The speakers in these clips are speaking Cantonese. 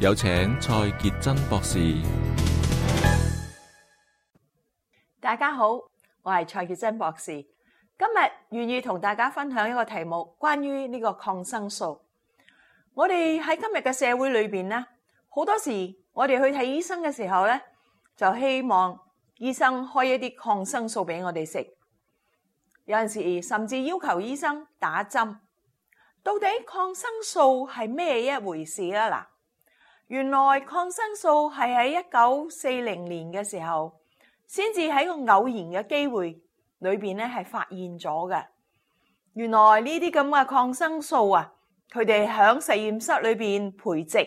有請蔡杰真博士。大家好，我係蔡杰真博士。今日願意同大家分享一個題目，關於呢個抗生素。我哋喺今日嘅社會裏邊呢，好多時我哋去睇醫生嘅時候呢，就希望醫生開一啲抗生素俾我哋食。有陣時甚至要求醫生打針。到底抗生素係咩一回事啊？嗱。原來抗生素係喺一九四零年嘅時候，先至喺個偶然嘅機會裏邊咧係發現咗嘅。原來呢啲咁嘅抗生素啊，佢哋響實驗室裏邊培植，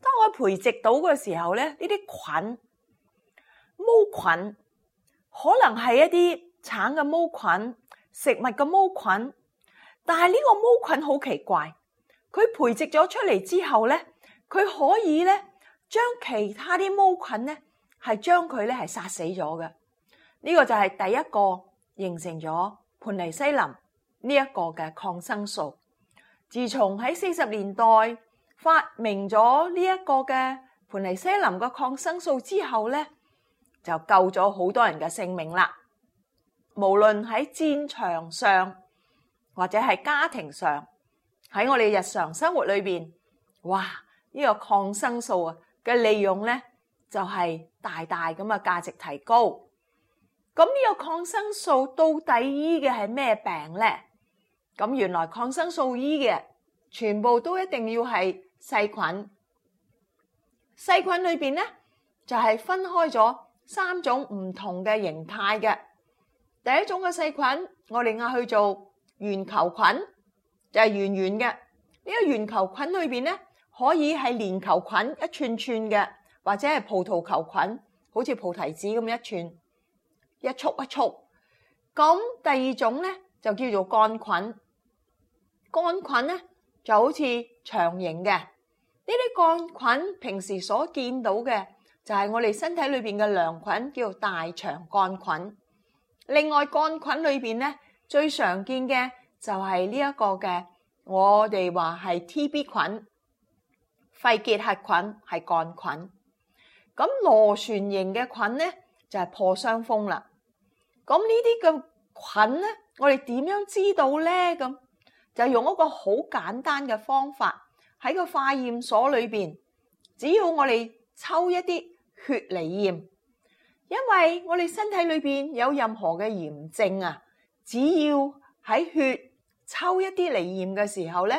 當我培植到嘅時候咧，呢啲菌毛菌可能係一啲橙嘅毛菌、食物嘅毛菌，但係呢個毛菌好奇怪，佢培植咗出嚟之後咧。佢可以咧，將其他啲毛菌咧，係將佢咧係殺死咗嘅。呢個就係第一個形成咗盤尼西林呢一個嘅抗生素。自從喺四十年代發明咗呢一個嘅盤尼西林嘅抗生素之後咧，就救咗好多人嘅性命啦。無論喺戰場上，或者係家庭上，喺我哋日常生活裏邊，哇！呢個抗生素啊嘅利用咧，就係大大咁嘅價值提高。咁呢個抗生素到底醫嘅係咩病咧？咁原來抗生素醫嘅全部都一定要係細菌。細菌裏邊咧就係分開咗三種唔同嘅形態嘅。第一種嘅細菌，我哋嗌去做圓球菌，就係圓圓嘅。呢個圓球菌裏邊咧。可以係鏈球菌一串串嘅，或者係葡萄球菌，好似菩提子咁一串一束一束。咁第二種咧就叫做桿菌，桿菌咧就好似長形嘅呢啲桿菌。平時所見到嘅就係我哋身體裏邊嘅良菌，叫大腸桿菌。另外桿菌裏邊咧最常見嘅就係呢一個嘅，我哋話係 TB 菌。肺結核菌係桿菌，咁螺旋形嘅菌呢，就係、是、破傷風啦。咁呢啲嘅菌呢，我哋點樣知道呢？咁就用一個好簡單嘅方法喺個化驗所裏邊，只要我哋抽一啲血嚟驗，因為我哋身體裏邊有任何嘅炎症啊，只要喺血抽一啲嚟驗嘅時候呢，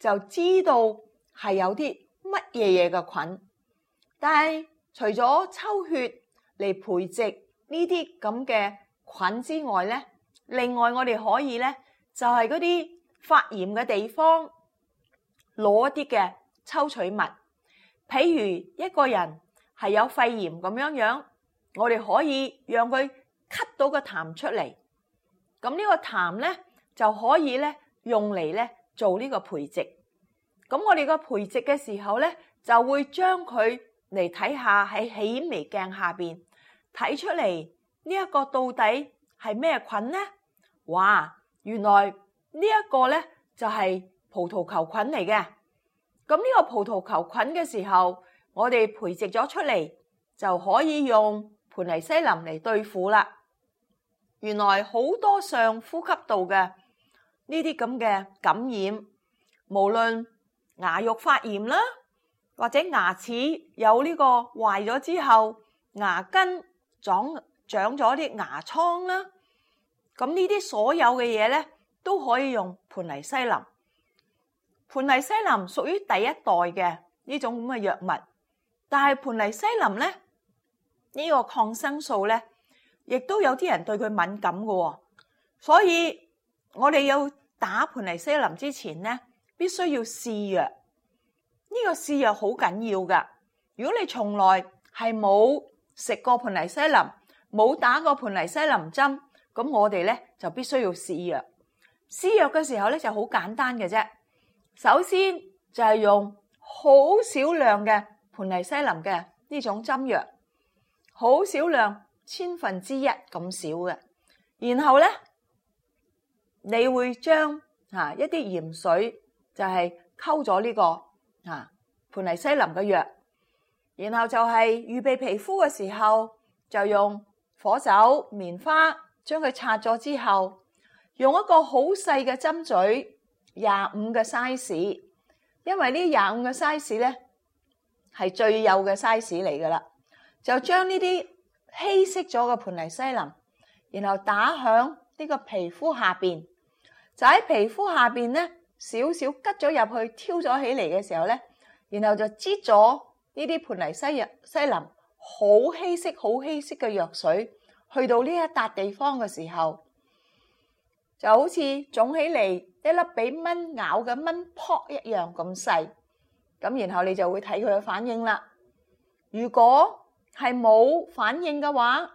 就知道係有啲乜嘢嘢嘅菌？但係除咗抽血嚟培植呢啲咁嘅菌之外咧，另外我哋可以咧，就係嗰啲發炎嘅地方攞一啲嘅抽取物，譬如一個人係有肺炎咁樣樣，我哋可以讓佢吸到個痰出嚟，咁呢個痰咧就可以咧用嚟咧做呢個培植。咁我哋個培植嘅時候呢，就會將佢嚟睇下喺顯微鏡下邊睇出嚟呢一個到底係咩菌呢？哇！原來呢一個呢就係葡萄球菌嚟嘅。咁呢個葡萄球菌嘅時候，我哋培植咗出嚟就可以用盤尼西林嚟對付啦。原來好多上呼吸道嘅呢啲咁嘅感染，無論。牙肉發炎啦，或者牙齒有呢個壞咗之後，牙根長長咗啲牙瘡啦，咁呢啲所有嘅嘢咧，都可以用盤尼西林。盤尼西林屬於第一代嘅呢種咁嘅藥物，但係盤尼西林咧呢個抗生素咧，亦都有啲人對佢敏感嘅，所以我哋要打盤尼西林之前咧。必須要試藥，呢個試藥好緊要噶。如果你從來係冇食過盤尼西林，冇打過盤尼西林針，咁我哋咧就必須要試藥。試藥嘅時候咧就好簡單嘅啫。首先就係用好少量嘅盤尼西林嘅呢種針藥，好少量，千分之一咁少嘅。然後咧，你會將吓一啲鹽水。就係溝咗呢個啊，盤尼西林嘅藥，然後就係預備皮膚嘅時候，就用火酒棉花將佢擦咗之後，用一個好細嘅針嘴廿五個 size，因為呢廿五個 size 咧係最幼嘅 size 嚟噶啦，就將呢啲稀釋咗嘅盤尼西林，然後打響呢個皮膚下邊，就喺皮膚下邊咧。少少拮咗入去，挑咗起嚟嘅時候咧，然後就擠咗呢啲盤尼西藥西林，好稀釋好稀釋嘅藥水，去到呢一笪地方嘅時候，就好似腫起嚟一粒俾蚊咬嘅蚊扑一樣咁細，咁然後你就會睇佢嘅反應啦。如果係冇反應嘅話，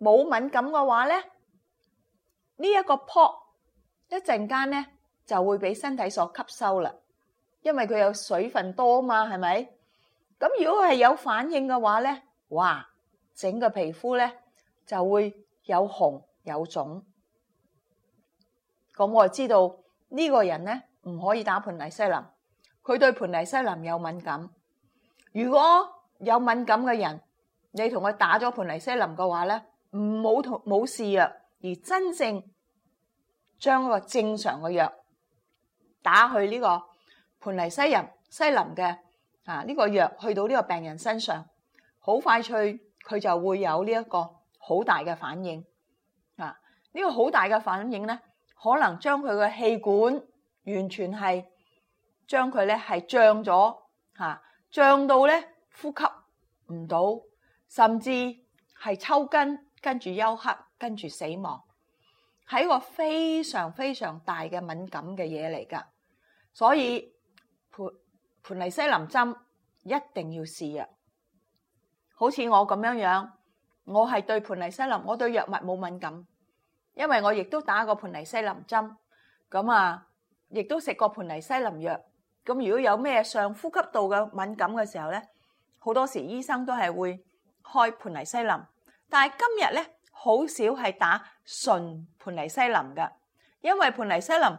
冇敏感嘅話咧，呢一個扑一陣間咧。就會俾身體所吸收啦，因為佢有水分多嘛，係咪？咁如果係有反應嘅話咧，哇，整個皮膚咧就會有紅有腫。咁我就知道呢個人咧唔可以打盤尼西林，佢對盤尼西林有敏感。如果有敏感嘅人，你同佢打咗盤尼西林嘅話咧，唔好同冇事藥，而真正將嗰個正常嘅藥，打去呢個盤尼西林西林嘅啊，呢個藥去到呢個病人身上，好快脆佢就會有呢一個好大嘅反應啊！呢、這個好大嘅反應咧，可能將佢嘅氣管完全係將佢咧係脹咗嚇，脹、啊、到咧呼吸唔到，甚至係抽筋，跟住休克，跟住死亡，係一個非常非常大嘅敏感嘅嘢嚟㗎。所以，盤盤尼西林針一定要試藥，好似我咁樣樣，我係對盤尼西林，我對藥物冇敏感，因為我亦都打過盤尼西林針，咁啊，亦都食過盤尼西林藥。咁如果有咩上呼吸道嘅敏感嘅時候咧，好多時醫生都係會開盤尼西林，但係今日咧好少係打純盤尼西林嘅，因為盤尼西林。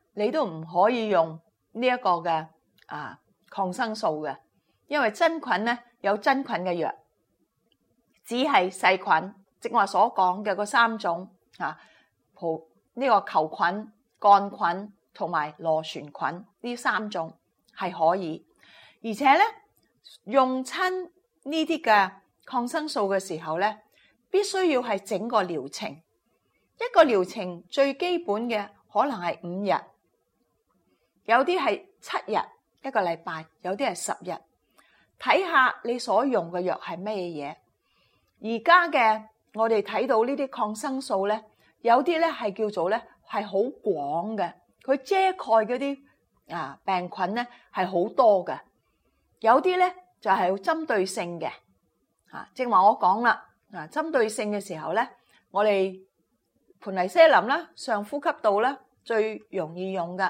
你都唔可以用呢一個嘅啊抗生素嘅，因為真菌咧有真菌嘅藥，只係細菌，即係我所講嘅嗰三種啊，葡、這、呢個球菌、桿菌同埋螺旋菌呢三種係可以，而且咧用親呢啲嘅抗生素嘅時候咧，必須要係整個療程，一個療程最基本嘅可能係五日。有啲係七日一個禮拜，有啲係十日。睇下你所用嘅藥係咩嘢。而家嘅我哋睇到呢啲抗生素咧，有啲咧係叫做咧係好廣嘅，佢遮蓋嗰啲啊病菌咧係好多嘅。有啲咧就係針對性嘅，正話我講啦，嗱針對性嘅時候咧，我哋盤尼西林啦，上呼吸道啦最容易用㗎。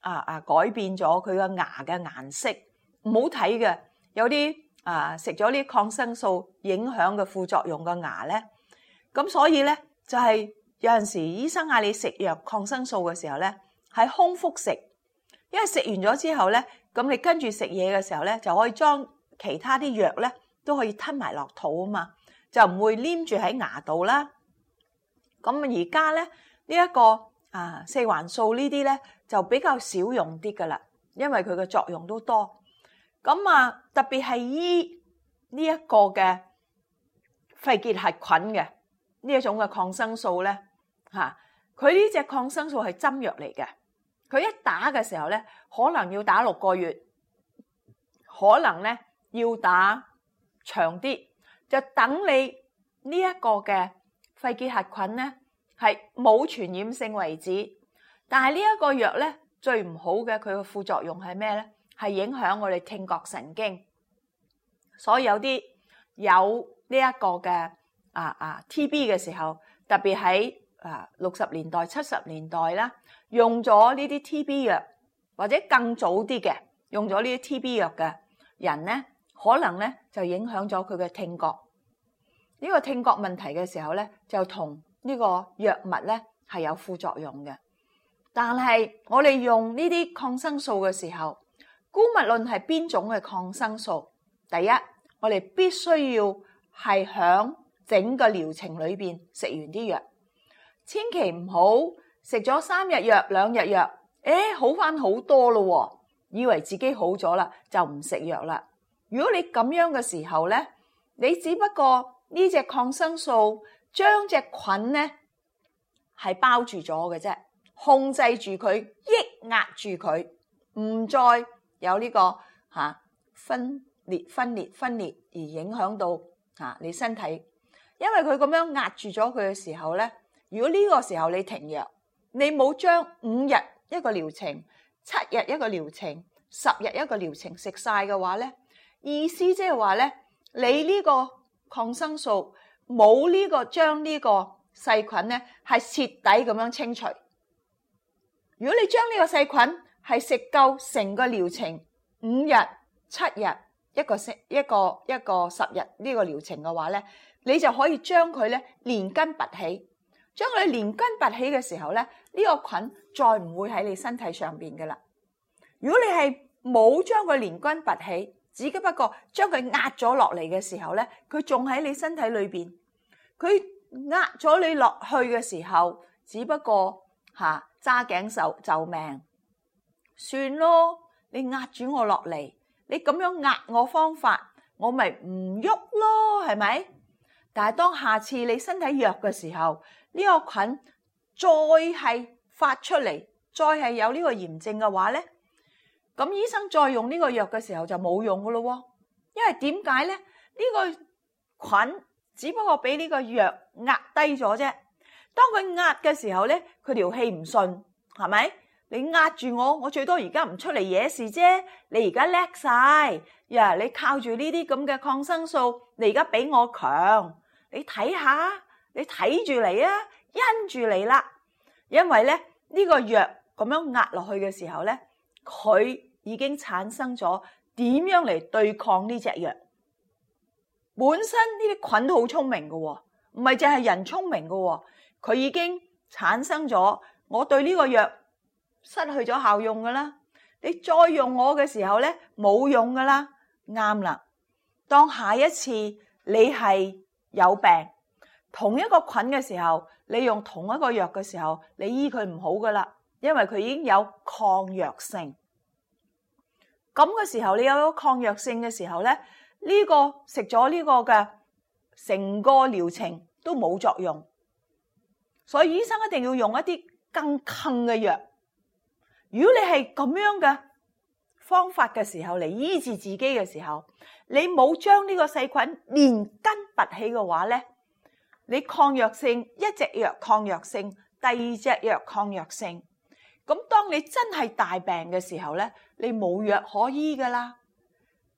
啊啊！改變咗佢個牙嘅顏色，唔好睇嘅。有啲啊食咗啲抗生素影響嘅副作用嘅牙咧，咁所以咧就係有陣時醫生嗌你食藥抗生素嘅時候咧，係空腹食，因為食完咗之後咧，咁你跟住食嘢嘅時候咧，就可以將其他啲藥咧，都可以吞埋落肚啊嘛，就唔會黏住喺牙度啦。咁而家咧呢一個啊四環素呢啲咧。就比較少用啲噶啦，因為佢嘅作用都多。咁啊，特別係醫呢一個嘅肺結核菌嘅呢一種嘅抗生素咧，吓、啊，佢呢隻抗生素係針藥嚟嘅，佢一打嘅時候咧，可能要打六個月，可能咧要打長啲，就等你呢一個嘅肺結核菌咧係冇傳染性為止。但係呢一個藥咧最唔好嘅，佢個副作用係咩咧？係影響我哋聽覺神經。所以有啲有呢一個嘅啊啊 T B 嘅時候，特別喺啊六十年代、七十年代啦，用咗呢啲 T B 藥或者更早啲嘅用咗呢啲 T B 藥嘅人咧，可能咧就影響咗佢嘅聽覺。呢個聽覺問題嘅時候咧，就同呢個藥物咧係有副作用嘅。但係我哋用呢啲抗生素嘅時候，姑勿論係邊種嘅抗生素，第一我哋必須要係響整個療程裏邊食完啲藥，千祈唔好食咗三日藥兩日藥，誒、哎、好翻好多咯，以為自己好咗啦就唔食藥啦。如果你咁樣嘅時候呢，你只不過呢隻抗生素將隻菌呢係包住咗嘅啫。控制住佢，抑壓住佢，唔再有呢個吓分裂、分裂、分裂，而影響到吓你身體。因為佢咁樣壓住咗佢嘅時候咧，如果呢個時候你停藥，你冇將五日一個療程、七日一個療程、十日一個療程食晒嘅話咧，意思即係話咧，你呢個抗生素冇呢個將呢個細菌咧係徹底咁樣清除。如果你將呢個細菌係食夠成個療程五日、七日一個星一個一個十日呢個療程嘅話咧，你就可以將佢咧連根拔起。將佢連根拔起嘅時候咧，呢個菌再唔會喺你身體上邊㗎喇。如果你係冇將佢連根拔起，只不不過將佢壓咗落嚟嘅時候咧，佢仲喺你身體裏邊。佢壓咗你落去嘅時候，只不過。吓、啊，揸頸就命，算咯。你壓住我落嚟，你咁樣壓我方法，我咪唔喐咯，係咪？但係當下次你身體弱嘅時候，呢、這個菌再係發出嚟，再係有呢個炎症嘅話咧，咁醫生再用呢個藥嘅時候就冇用噶咯、啊。因為點解咧？呢、這個菌只不過俾呢個藥壓低咗啫。當佢壓嘅時候咧，佢條氣唔順，係咪？你壓住我，我最多而家唔出嚟惹事啫。你而家叻晒呀！Yeah, 你靠住呢啲咁嘅抗生素，你而家比我強。你睇下，你睇住你啊，因住你啦。因為咧，呢個藥咁樣壓落去嘅時候咧，佢已經產生咗點樣嚟對抗呢隻藥。本身呢啲菌都好聰明嘅喎，唔係淨係人聰明嘅喎。佢已經產生咗，我對呢個藥失去咗效用噶啦。你再用我嘅時候呢，冇用噶啦，啱啦。當下一次你係有病同一個菌嘅時候，你用同一個藥嘅時候，你醫佢唔好噶啦，因為佢已經有抗藥性。咁嘅時候，你有咗抗藥性嘅時候呢，呢個食咗呢個嘅成個療程都冇作用。所以醫生一定要用一啲更坑嘅藥。如果你係咁樣嘅方法嘅時候嚟醫治自己嘅時候，你冇將呢個細菌連根拔起嘅話呢，你抗藥性一隻藥抗藥性，第二隻藥抗藥性，咁當你真係大病嘅時候呢，你冇藥可醫噶啦。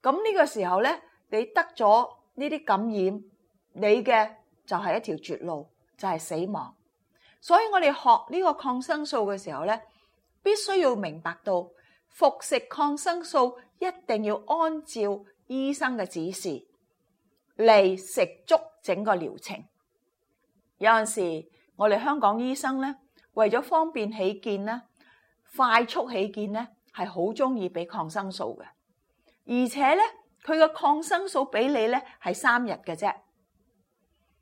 咁呢個時候呢，你得咗呢啲感染，你嘅就係一條絕路，就係死亡。所以我哋學呢個抗生素嘅時候咧，必須要明白到服食抗生素一定要按照醫生嘅指示嚟，食足整個療程。有陣時候我哋香港醫生咧，為咗方便起見咧，快速起見咧，係好中意俾抗生素嘅，而且咧佢嘅抗生素俾你咧係三日嘅啫。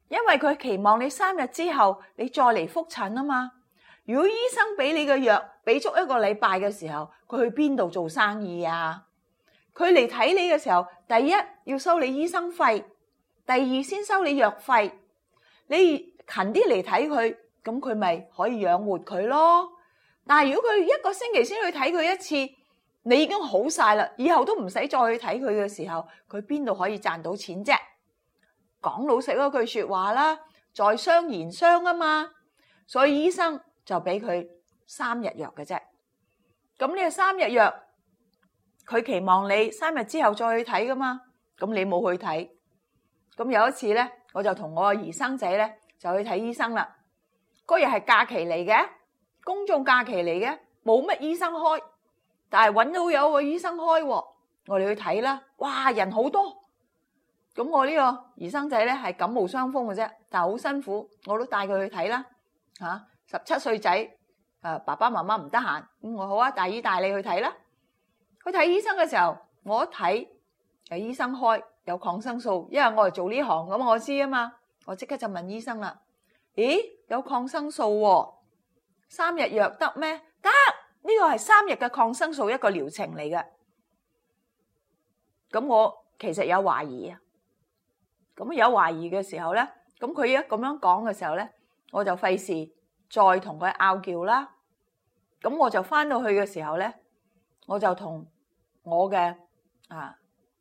因為佢期望你三日之後你再嚟複診啊嘛。如果醫生俾你嘅藥俾足一個禮拜嘅時候，佢去邊度做生意啊？佢嚟睇你嘅時候，第一要收你醫生費，第二先收你藥費。你近啲嚟睇佢，咁佢咪可以養活佢咯。但係如果佢一個星期先去睇佢一次，你已經好晒啦，以後都唔使再去睇佢嘅時候，佢邊度可以賺到錢啫？講老實嗰句說話啦，在商言商啊嘛，所以醫生就俾佢三日藥嘅啫。咁呢個三日藥，佢期望你三日之後再去睇㗎嘛。咁你冇去睇，咁有一次咧，我就同我個兒生仔咧就去睇醫生啦。嗰日係假期嚟嘅，公眾假期嚟嘅，冇乜醫生開，但係搵到有個醫生開啊，我哋去睇啦。哇，人好多。咁我呢個姨甥仔咧係感冒傷風嘅啫，但係好辛苦，我都帶佢去睇啦嚇。十七歲仔，誒爸爸媽媽唔得閒，咁我好啊，大姨帶你去睇啦。去睇醫生嘅時候，我睇誒醫生開有抗生素，因為我係做呢行咁，我知啊嘛，我即刻就問醫生啦。咦，有抗生素喎？三日藥得咩？得，呢個係三日嘅抗生素一個療程嚟嘅。咁我其實有懷疑啊。咁有懷疑嘅時候咧，咁佢一咁樣講嘅時候咧，我就費事再同佢拗撬啦。咁我就翻到去嘅時候咧，我就同我嘅啊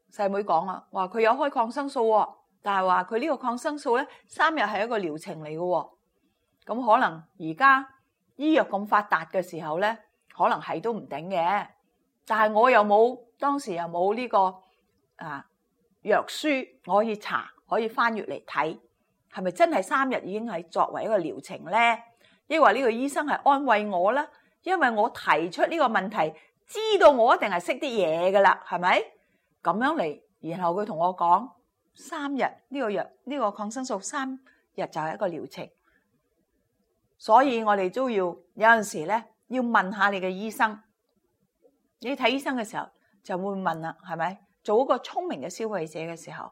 細妹講啊，話佢有開抗生素，哦，但係話佢呢個抗生素咧，三日係一個療程嚟嘅，哦。咁可能而家醫藥咁發達嘅時候咧，可能係都唔定嘅。但係我又冇當時又冇呢個啊藥書，我可以查。可以翻閱嚟睇，係咪真係三日已經係作為一個療程咧？抑或呢個醫生係安慰我啦，因為我提出呢個問題，知道我一定係識啲嘢噶啦，係咪？咁樣嚟，然後佢同我講三日呢、呢個藥呢、呢個抗生素三日就係一個療程，所以我哋都要有陣時咧，要問一下你嘅醫生。你睇醫生嘅時候就會問啦，係咪？做一個聰明嘅消費者嘅時候。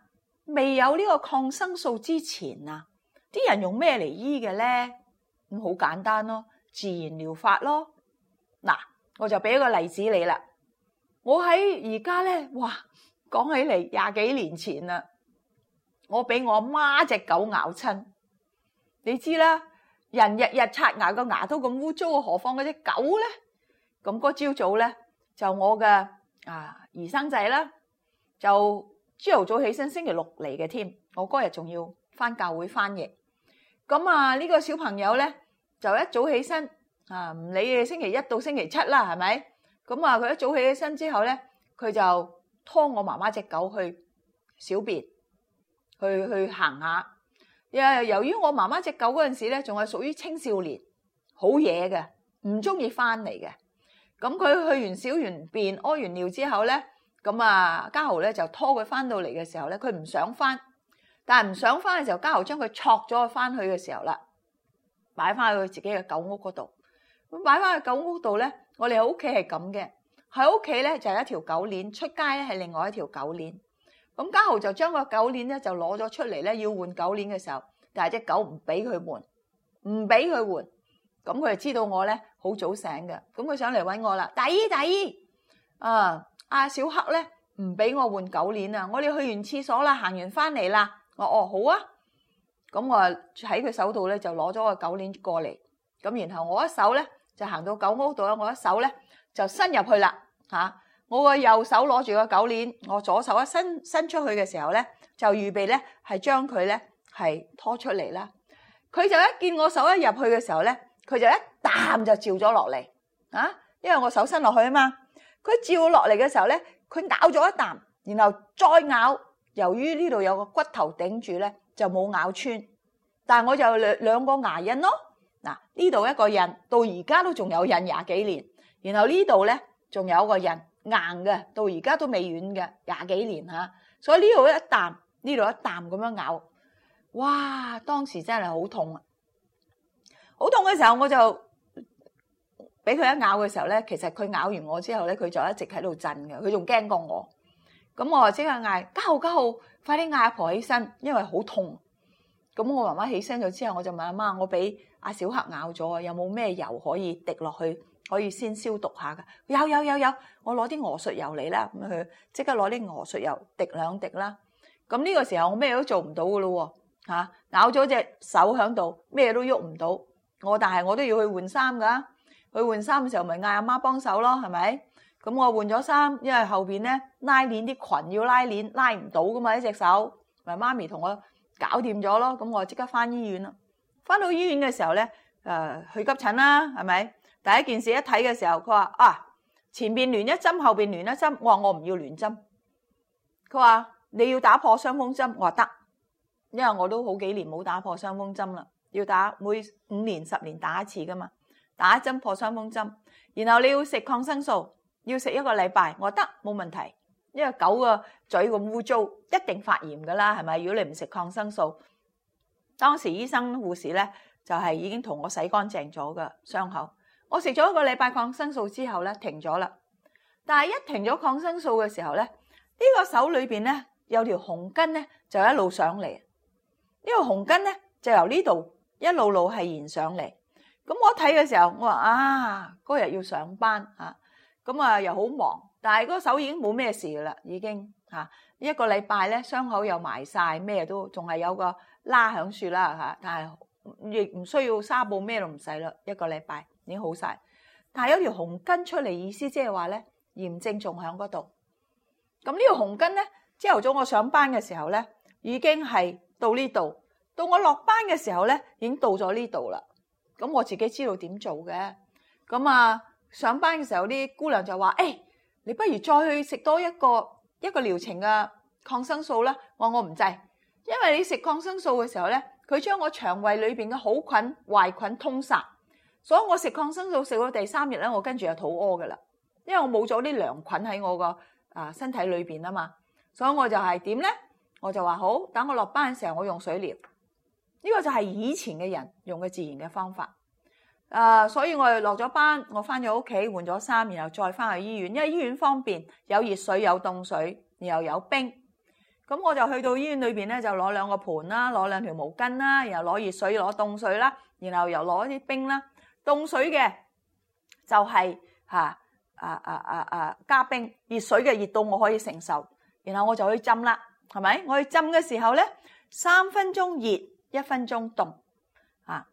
未有呢個抗生素之前啊，啲人用咩嚟醫嘅咧？咁好簡單咯，自然療法咯。嗱，我就俾一個例子你啦。我喺而家咧，哇，講起嚟廿幾年前啦，我俾我媽隻狗咬親，你知啦，人日日刷牙個牙都咁污糟，何況嗰隻狗咧？咁嗰朝早咧，就我嘅啊兒生仔啦，就。朝頭早起身，星期六嚟嘅添。我嗰日仲要翻教會翻譯。咁啊，呢個小朋友咧就一早起身啊，唔理嘅星期一到星期七啦，係咪？咁啊，佢一早起起身之後咧，佢就拖我媽媽隻狗去小便，去去行下。又由於我媽媽隻狗嗰陣時咧，仲係屬於青少年，好嘢嘅，唔中意翻嚟嘅。咁佢去完小完便，屙完尿之後咧。咁啊，嘉豪咧就拖佢翻到嚟嘅時候咧，佢唔想翻，但係唔想翻嘅時候，嘉豪將佢戳咗翻去嘅時候啦，擺翻去佢自己嘅狗屋嗰度。咁擺翻去狗屋度咧，我哋屋企係咁嘅，喺屋企咧就係一條狗鏈，出街咧係另外一條狗鏈。咁嘉豪就將個狗鏈咧就攞咗出嚟咧，要換狗鏈嘅時候，但係隻狗唔俾佢換，唔俾佢換。咁佢就知道我咧好早醒嘅，咁佢上嚟揾我啦，大姨大姨啊！阿小黑咧唔俾我換狗鏈啊！我哋去完廁所啦，行完翻嚟啦，我哦，好啊，咁我喺佢手度咧就攞咗個狗鏈過嚟，咁然後我一手咧就行到狗屋度啦，我一手咧就伸入去啦嚇，我個右手攞住個狗鏈，我左手一伸伸出去嘅時候咧，就預備咧係將佢咧係拖出嚟啦。佢就一見我手一入去嘅時候咧，佢就一啖就照咗落嚟啊！因為我手伸落去啊嘛。佢照落嚟嘅時候呢，佢咬咗一啖，然後再咬，由於呢度有個骨頭頂住呢，就冇咬穿。但係我就兩兩個牙印咯。嗱，呢度一個印到而家都仲有印廿幾年。然後呢度呢，仲有一個印硬嘅，到而家都未軟嘅廿幾年吓。所以呢度一啖，呢度一啖咁樣咬，哇！當時真係好痛啊！好痛嘅時候我就。俾佢一咬嘅時候咧，其實佢咬完我之後咧，佢就一直喺度震嘅。佢仲驚過我咁，我就即刻嗌家豪家豪，快啲嗌阿婆起身，因為好痛。咁我媽媽起身咗之後，我就問阿媽：我俾阿小黑咬咗啊，有冇咩油可以滴落去可以先消毒下噶？有有有有，我攞啲鵝術油嚟啦。咁佢即刻攞啲鵝術油滴兩滴啦。咁呢個時候我咩都做唔到噶咯喎，咬咗隻手喺度咩都喐唔到我，但係我都要去換衫噶。佢換衫嘅時候，咪嗌阿媽幫手咯，係咪？咁我換咗衫，因為後邊咧拉鏈啲裙要拉鏈拉唔到噶嘛，一隻手，咪媽咪同我搞掂咗咯。咁我就即刻翻醫院咯。翻到醫院嘅時候咧，誒去急診啦，係咪？第一件事一睇嘅時候，佢話啊前邊亂一針，後邊亂一針。我話我唔要亂針。佢話你要打破傷風針，我話得，因為我都好幾年冇打破傷風針啦，要打每五年十年打一次噶嘛。打一針破傷風針，然後你要食抗生素，要食一個禮拜，我覺得冇問題，因為狗個嘴咁污糟，一定發炎噶啦，係咪？如果你唔食抗生素，當時醫生護士咧就係已經同我洗乾淨咗噶傷口，我食咗一個禮拜抗生素之後咧停咗啦，但係一停咗抗生素嘅時候咧，呢個手裏邊咧有條紅筋咧就一路上嚟，呢個紅筋咧就由呢度一路路係延上嚟。咁我睇嘅時候，我話啊，嗰日要上班啊，咁啊又好忙，但係嗰個手已經冇咩事噶啦，已經吓、啊、一個禮拜咧，傷口又埋晒，咩都仲係有個拉響樹啦吓，但係亦唔需要紗布咩都唔使啦，一個禮拜已經好晒。但係有條紅筋出嚟，意思即係話咧炎症仲喺嗰度。咁呢條紅筋咧，朝頭早我上班嘅時候咧，已經係到呢度；到我落班嘅時候咧，已經到咗呢度啦。咁我自己知道點做嘅，咁啊上班嘅時候啲姑娘就話：誒、哎，你不如再去食多一個一個療程嘅抗生素啦。我我唔制，因為你食抗生素嘅時候呢，佢將我腸胃裏面嘅好菌壞菌通殺。所以我食抗生素食到第三日呢，我跟住就肚屙㗎啦，因為我冇咗啲良菌喺我個啊身體裏面啊嘛。所以我就係、是、點呢？我就話好，等我落班嘅時候我用水療。呢、這個就係以前嘅人用嘅自然嘅方法，誒、uh，所以我哋落咗班，我翻咗屋企換咗衫，然後再翻去醫院，因為醫院方便，有熱水有凍水，然後有冰，咁我就去到醫院裏面，咧，就攞兩個盤啦，攞兩條毛巾啦，然後攞熱水攞凍水啦，然後又攞啲冰啦，凍水嘅就係嚇、啊，啊啊啊啊加冰，熱水嘅熱到我可以承受，然後我就去浸啦，係咪？我去浸嘅時候咧，三分鐘熱。一分鐘凍啊！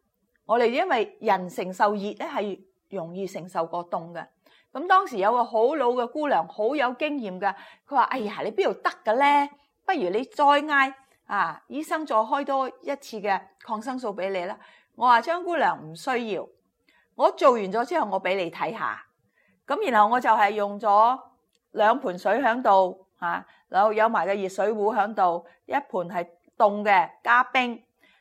我哋因為人承受熱咧，係容易承受過凍嘅。咁當時有個好老嘅姑娘，好有經驗嘅，佢話：哎呀，你邊度得嘅咧？不如你再嗌啊，醫生再開多一次嘅抗生素俾你啦。我話，張姑娘唔需要，我做完咗之後我看看，我俾你睇下。咁然後我就係用咗兩盆水喺度啊，有有埋嘅熱水壺喺度，一盆係凍嘅，加冰。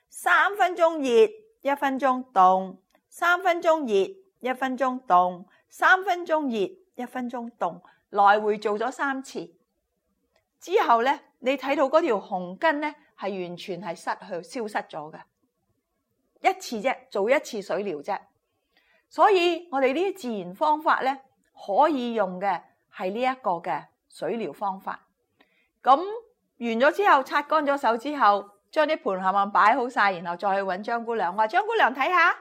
三分鐘熱，一分鐘凍；三分鐘熱，一分鐘凍；三分鐘熱，一分鐘凍。來回做咗三次之後咧，你睇到嗰條紅筋咧係完全係失去、消失咗嘅。一次啫，做一次水療啫。所以我哋呢啲自然方法咧，可以用嘅係呢一個嘅水療方法。咁完咗之後，擦乾咗手之後。將啲盤盒盒擺好晒，然後再去揾張姑娘。我話張姑娘睇下，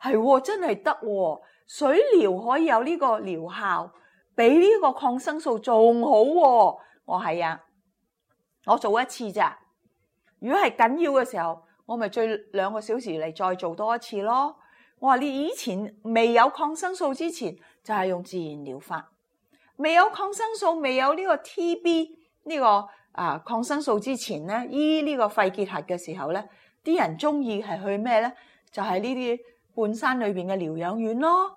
係、哦、真係得、哦，水療可以有呢個療效，比呢個抗生素仲好、哦。我係啊，我做一次咋？如果係緊要嘅時候，我咪最兩個小時嚟再做多一次咯。我話你以前未有抗生素之前，就係、是、用自然療法，未有抗生素，未有呢個 T B 呢、這個。啊！抗生素之前咧，醫呢個肺結核嘅時候咧，啲人中意係去咩咧？就係呢啲半山裏邊嘅療養院咯。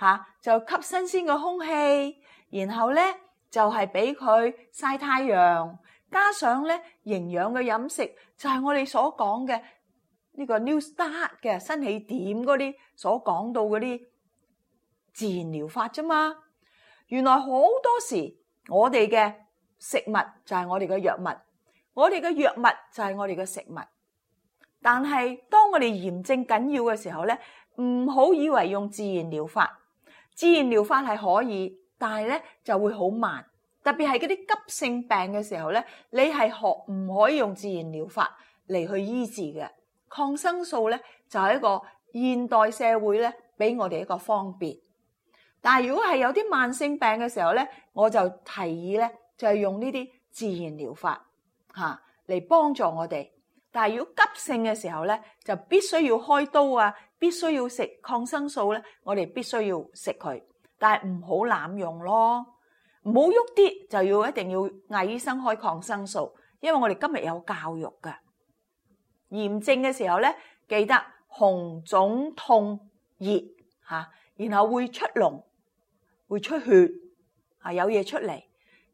嚇，就吸新鮮嘅空氣，然後咧就係俾佢曬太陽，加上咧營養嘅飲食，就係我哋所講嘅呢個 New Start 嘅新起點嗰啲所講到嗰啲自然療法啫嘛。原來好多時我哋嘅。食物就係我哋嘅藥物，我哋嘅藥物就係我哋嘅食物。但係當我哋炎症緊要嘅時候咧，唔好以為用自然療法。自然療法係可以，但係咧就會好慢。特別係嗰啲急性病嘅時候咧，你係學唔可以用自然療法嚟去醫治嘅。抗生素咧就係一個現代社會咧俾我哋一個方便。但係如果係有啲慢性病嘅時候咧，我就提議咧。就係用呢啲自然療法吓嚟幫助我哋，但係要急性嘅時候咧，就必須要開刀啊，必須要食抗生素咧，我哋必須要食佢，但係唔好濫用咯，唔好喐啲就要一定要嗌醫生開抗生素，因為我哋今日有教育噶。炎症嘅時候咧，記得紅腫痛熱吓，然後會出膿，會出血，啊有嘢出嚟。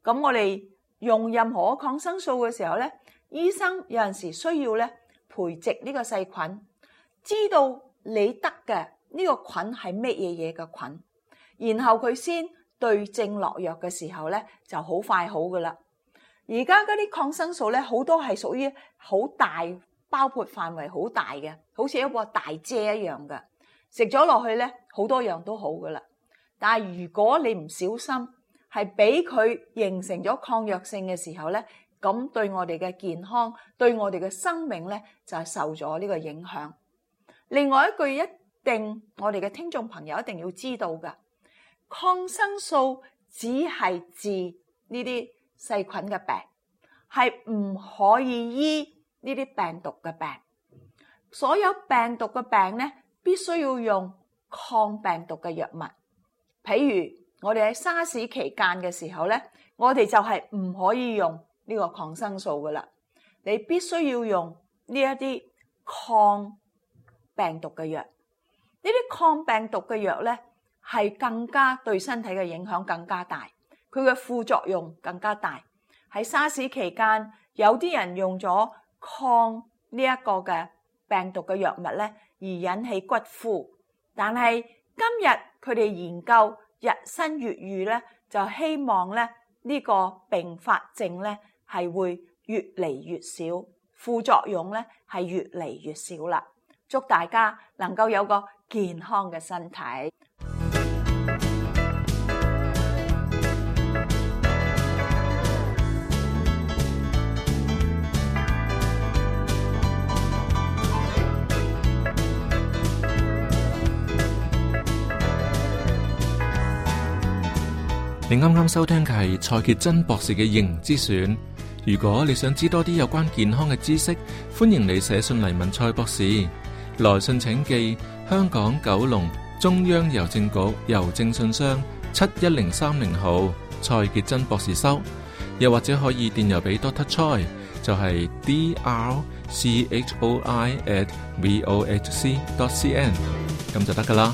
咁我哋用任何抗生素嘅時候咧，醫生有陣時需要咧培植呢個細菌，知道你得嘅呢個菌係乜嘢嘢嘅菌，然後佢先對症落藥嘅時候咧就好快好噶啦。而家嗰啲抗生素咧好多係屬於好大包括範圍，好大嘅，好似一個大遮一樣嘅，食咗落去咧好多樣都好噶啦。但係如果你唔小心，係俾佢形成咗抗藥性嘅時候咧，咁對我哋嘅健康、對我哋嘅生命咧，就係受咗呢個影響。另外一句一定，我哋嘅聽眾朋友一定要知道㗎：抗生素只係治呢啲細菌嘅病，係唔可以醫呢啲病毒嘅病。所有病毒嘅病咧，必須要用抗病毒嘅藥物，譬如。我哋喺沙士期間嘅時候咧，我哋就係唔可以用呢個抗生素㗎喇，你必須要用呢一啲抗病毒嘅藥。呢啲抗病毒嘅藥咧，係更加對身體嘅影響更加大，佢嘅副作用更加大。喺沙士期間，有啲人用咗抗呢一個嘅病毒嘅藥物咧，而引起骨枯。但係今日佢哋研究。日新月異咧，就希望咧呢個併發症咧係會越嚟越少，副作用咧係越嚟越少啦。祝大家能夠有個健康嘅身體。你啱啱收聽嘅係蔡杰真博士嘅營之選。如果你想知多啲有關健康嘅知識，歡迎你寫信嚟問蔡博士。來信請寄香港九龍中央郵政局郵政信箱七一零三零號蔡杰真博士收。又或者可以電郵俾 Doctor Choi，就係 D R C H O I at V O H C dot C N，咁就得噶啦。